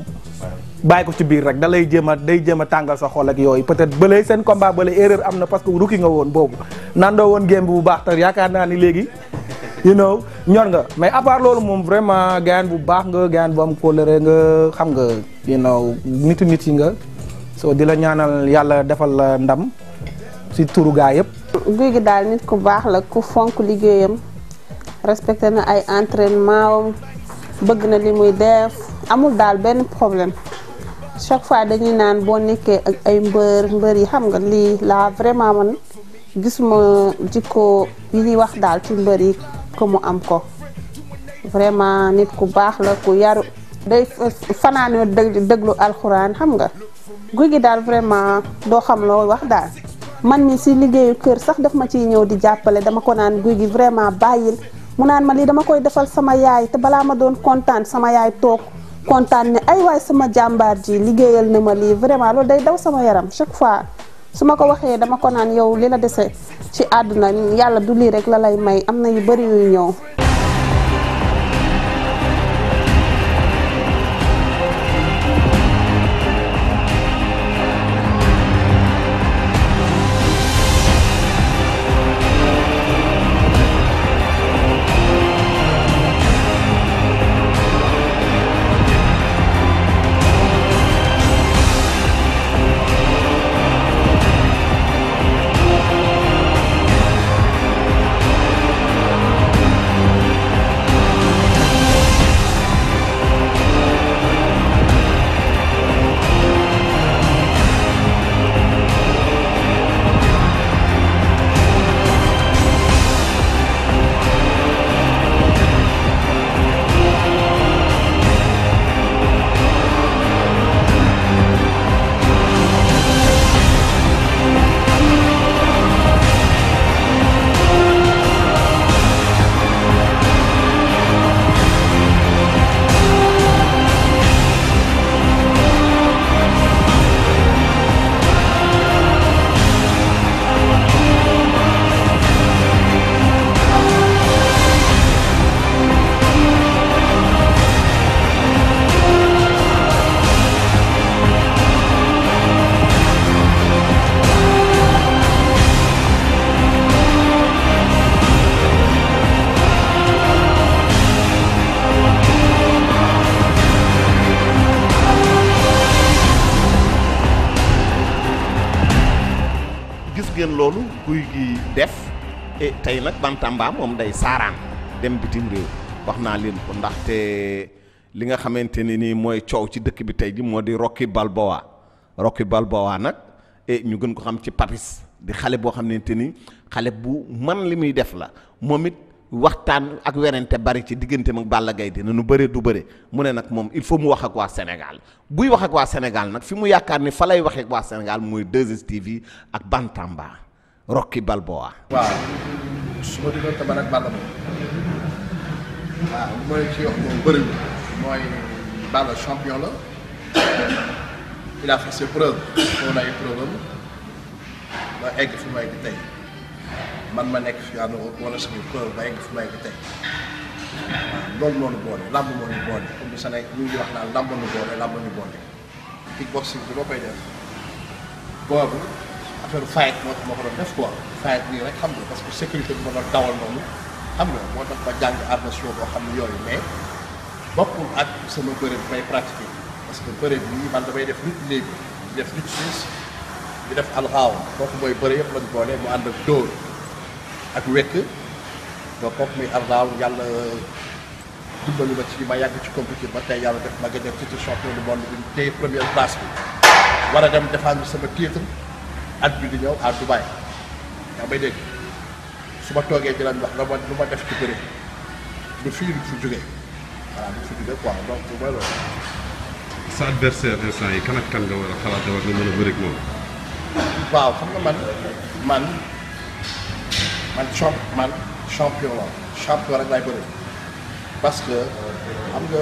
bàyyi ko ci biir rek da lay jéem a day jéem a tàngal sa xol ak yooyu peut-être bële seen combat bële erreur am na parce que rukki nga woon boobu nandoo woon game bi bu baax te yaakaar naa ni léegi. you know ñor nga mais à loolu moom vraiment gayaan bu baax nga gayaan bu am kóllëre nga xam nga you know nitu nit yi nga soo di la ñaanal yàlla defal la ndam si turu gaa yëpp. guy gi daal nit ku baax la ku fonk liggéeyam respecté na ay entrainement bëgg na li muy def amul daal benn problème chaque fois dañuy naan boo nekkee ak ay mbër mbër yi xam nga lii laa vraiment man gisuma jikko yi ñuy wax daal ci mbër yi que mu am ko vraiment nit ku baax la ku yaru day fanaanoo déglu alxuraan xam nga guy gi daal vraiment doo xam loo wax daal man mi si liggéeyu kër sax daf ma ciy ñëw di jàppale dama ko naan guy gi vraiment bàyyil mu naan ma lii dama koy defal sama yaay te balaa ma doon kontaan sama yaay toog kontaan ne ay waay sama jàmbaar ji liggéeyal na ma lii vraiment loolu day daw sama yaram chaque fois su ma ko waxee dama ko naan yow li la dese ci àdduna yàlla du lii rek la lay may am na yu bari yuy ñëw nag Bantamba moom day saaraan dem bitim réew wax naa leen ko ndax te li nga xamante ni nii mooy coow ci dëkk bi tey ji moo di Rocky Balboa Rocky Balboa nag e ñu gën ko xam ci Papis di xale boo xamante ni xale bu man li muy def la moom it waxtaan ak werante bari ci diggante mag Balla Gaye dina nu bëree du bëre mu ne nag moom il faut mu wax ak waa Sénégal buy wax ak waa Sénégal nag fi mu yaakaar ni fa lay waxee ak waa Sénégal mooy 2STV ak Bantamba su ma diggante man ak Balla moom waaw li ma ci wax moom bëriwul mooy Balla champion la il a fait ses preuves foo preuve am egg fi ma egg tey man ma nekk fi en Europe wala samay preuve ba egg fi ma egg tey waaw loolu moo ñu boole làmb moo ñu boole comme ni Sénégal ñu ngi wax naan làmb ñu boole làmb ñu boole kickboxing bi boo koy def boobu. affaire fayet moo tax ma ko doon def quoi fayet nii rek xam nga parce que sécurité bi ma doon dawal noonu xam nga moo tax ma jàng arts martiaux boo xam ne yooyu mais bokkul ak sama bëre bi may pratiquer parce que bëre bi man damay def lutte libre def lutte suisse di def alxaaw kooku mooy bëre yëpp lañ boole mu ànd ak dóor ak wekk ba kooku muy alxaaw yàlla dimbali ma ci ma yàgg ci compétition ba tey yàlla def ma gën a titre monde bi téye première place war a dem défendre sama at bi di ñëw a Dubaï yaa may dégg su ma toogee di wax la ma lu ma def ci bëri du fii du fi jógee voilà du donc bu loolu. sa adversaire instant yi kan ak kan nga war a xalaat war nga mën a bëri ak moom. waaw xam nga man man man champ man champion rek laay bëri. parce que xam nga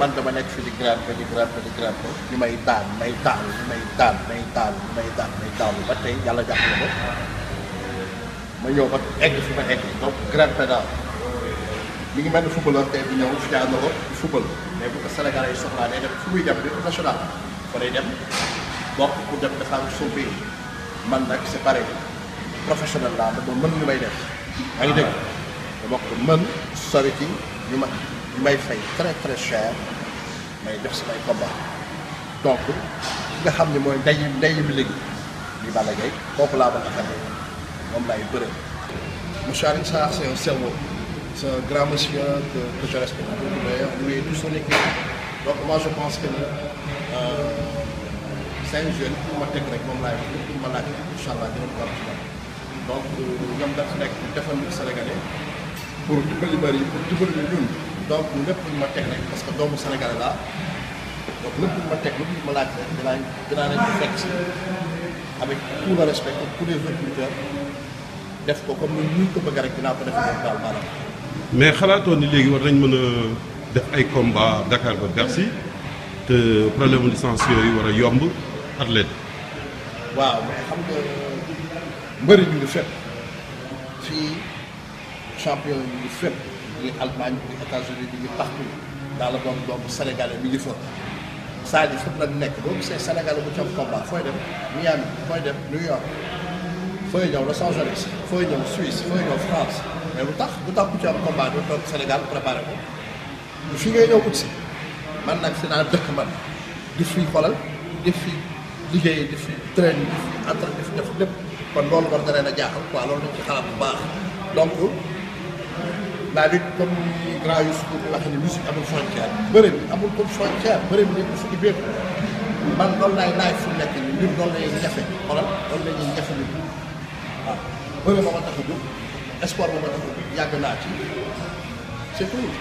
man dama nekk fi di grimper di grimper di grimper ñu may daan may daan ñu may daan may daan ñu may daan may daan ba tey yàlla jàppale ko ma ñëw ba egg fi ma egg donc grimper daal mi ngi mel ni footballeur tey bu ñëw fi daan na ko football mais bu ko Sénégalais yi soxlaa day dem fu muy dem def national fa day dem bokk pour dem défendre son pays man nag c'est pareil professionnel laa dama mën li may def yaa ngi dégg dama ko mën sori ci yu ma yu may fay très très cher may def samay combat donc nga xam ne mooy ndey ndeyu léegi di Balla Gaye kooku laa mën a xamee moom laay bëre. monsieur Alioune Sarr c'est un cerveau grand monsieur que que je respecte beaucoup d'ailleurs lui et toute son donc moi je pense que ni euh, cinq jeunes pour ma teg rek moom laay wax pour ma laaj incha allah dinañ ko am ci pour dimbali mbër yi pour dimbali ñu ñun donc lépp lu ma teg parce que doomu Sénégal laa donc lépp lu ma teg lépp ma laaj rek dinaa dinaa leen fekk si avec tout respect pour def ko comme ni ñu ko bëgg rek dinaa ko def mais xalaatoon ni léegi war nañ mën a def ay combat Dakar ba Bercy te problème mu licence yooyu war a yomb athlète. waaw xam nga mbëri ñu ngi fii. champion yi ñu ngi fépp ñu Allemagne ñu États-Unis ñu ngi partout dans le monde donc sénégalais mi ngi fa Sadio fu mu la nekk boo gisee sénégalais bu ci am combat fooy dem Miami fooy dem New York fooy ñëw Los Angeles fooy ñëw Suisse fooy ci am combat doo toog Sénégal préparé ko fi ngay ñëw ut si man nag si naa (laughs) dëkk man di fi xolal di fi liggéey di fi train di fi entrain di fi def lépp kon loolu war na leen a jaaxal loolu dañ ci xalaat bu baax donc la lutte comme ni grand yu suñu waxee ne musique amul frontière bëre bi amul comme frontière bëre bi nekk dafa ubbeeku man loolu laay laaj fu nekk nii ñun loolu la ñuy jafe xoolal loolu la ñuy jafe nii waaw bëre ba ma tax a jóg espoir ba ma tax a jóg yàgg naa ci c'est tout.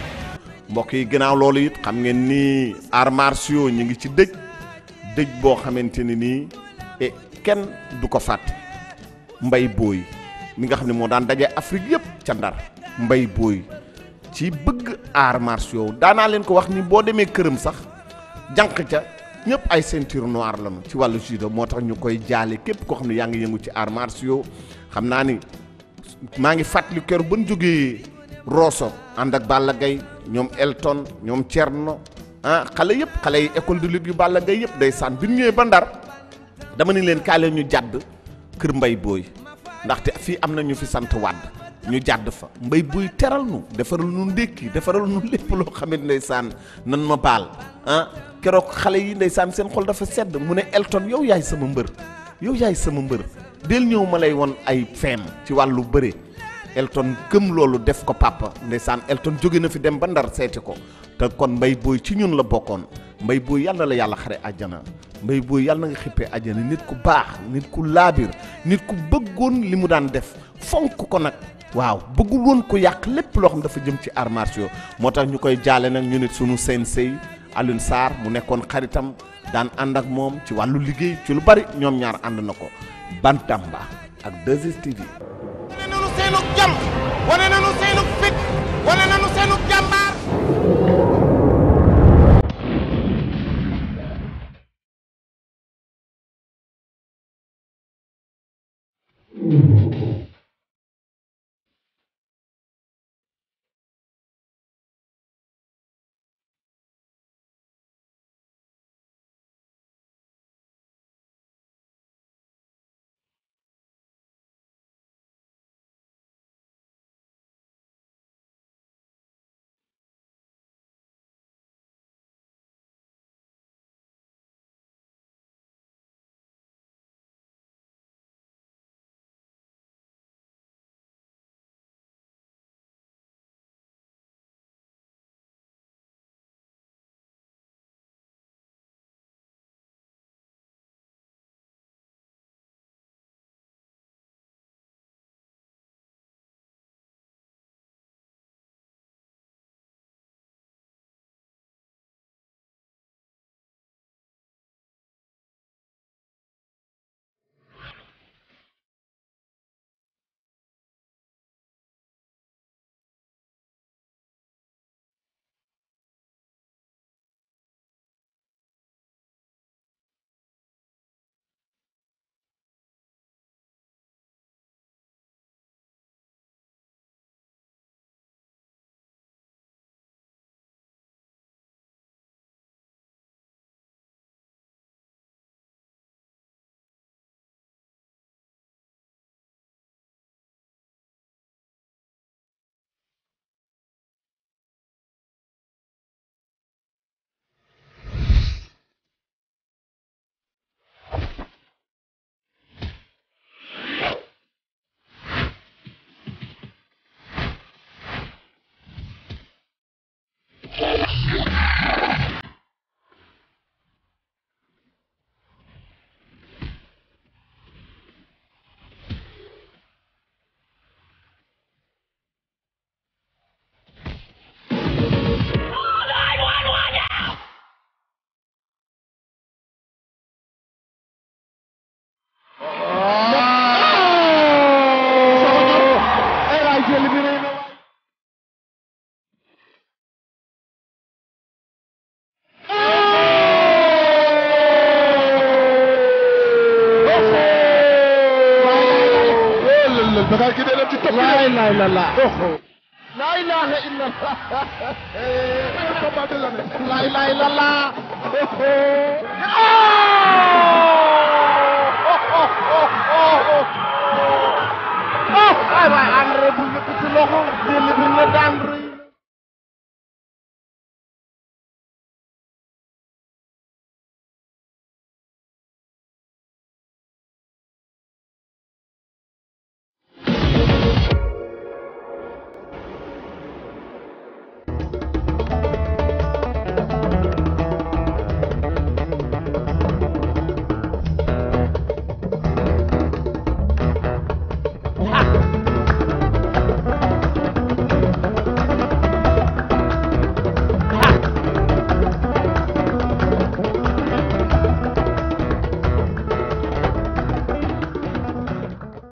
mbokk yi gannaaw loolu it xam ngeen ni arts martiaux ñu ngi ci dëj dëj boo xamante ne nii et kenn du ko fàtte mbay booy mi nga xam ne moo daan daje Afrique yëpp ca Ndar. mbay booy ci bëgg aar martiaux daanaa leen ko wax ni boo demee këram sax jànq ca ñëpp ay ceinture noire lañu ci wàllu judo moo tax ñu koy jaale képp koo xam ne yaa ngi yëngu ci aar martiaux xam naa ni maa ngi fàttali kër ba ñu jógee Rosso ànd ak Balla gay ñoom Elton ñoom Thierno ah xale yëpp xale yi école de lutte yu Balla gay yëpp day saan bi ñu ñëwee ba Ndar dama ni leen kaale ñu jàdd kër mbay booy ndaxte fii am na ñu fi sant wàdd ñu jàdd fa mbay buy teral nu defaral nu ndékki defaral nu lépp loo xamit ndeysaan nan ma baal ah keroog xale yi ndeysaan seen xol dafa sedd mu ne Elton yow yaay sama mbër yow yaay sama mbër del ñëw ma lay won ay feem ci wàllu bëre Elton gëm loolu def ko papa ndeysaan Elton jóge na fi dem ba ndar seeti ko te kon mbay booy ci ñun la bokkoon mbay booy yàlla la yàlla xare àjjana mbay booy yàlla na nga xippee àjjana nit ku baax nit ku laabir nit ku bëggoon li mu daan def fonk ko nag waaw bëggul woon ko yàq lépp loo xam dafa jëm ci armatio moo tax ñu koy jaale nag ñu nit sunu sensei Alioune Sarr mu nekkoon xaritam daan ànd ak moom ci wàllu liggéey ci lu bari ñoom ñaar ànd na ko Bantamba ak 2 wane nañu seenu jom ojo.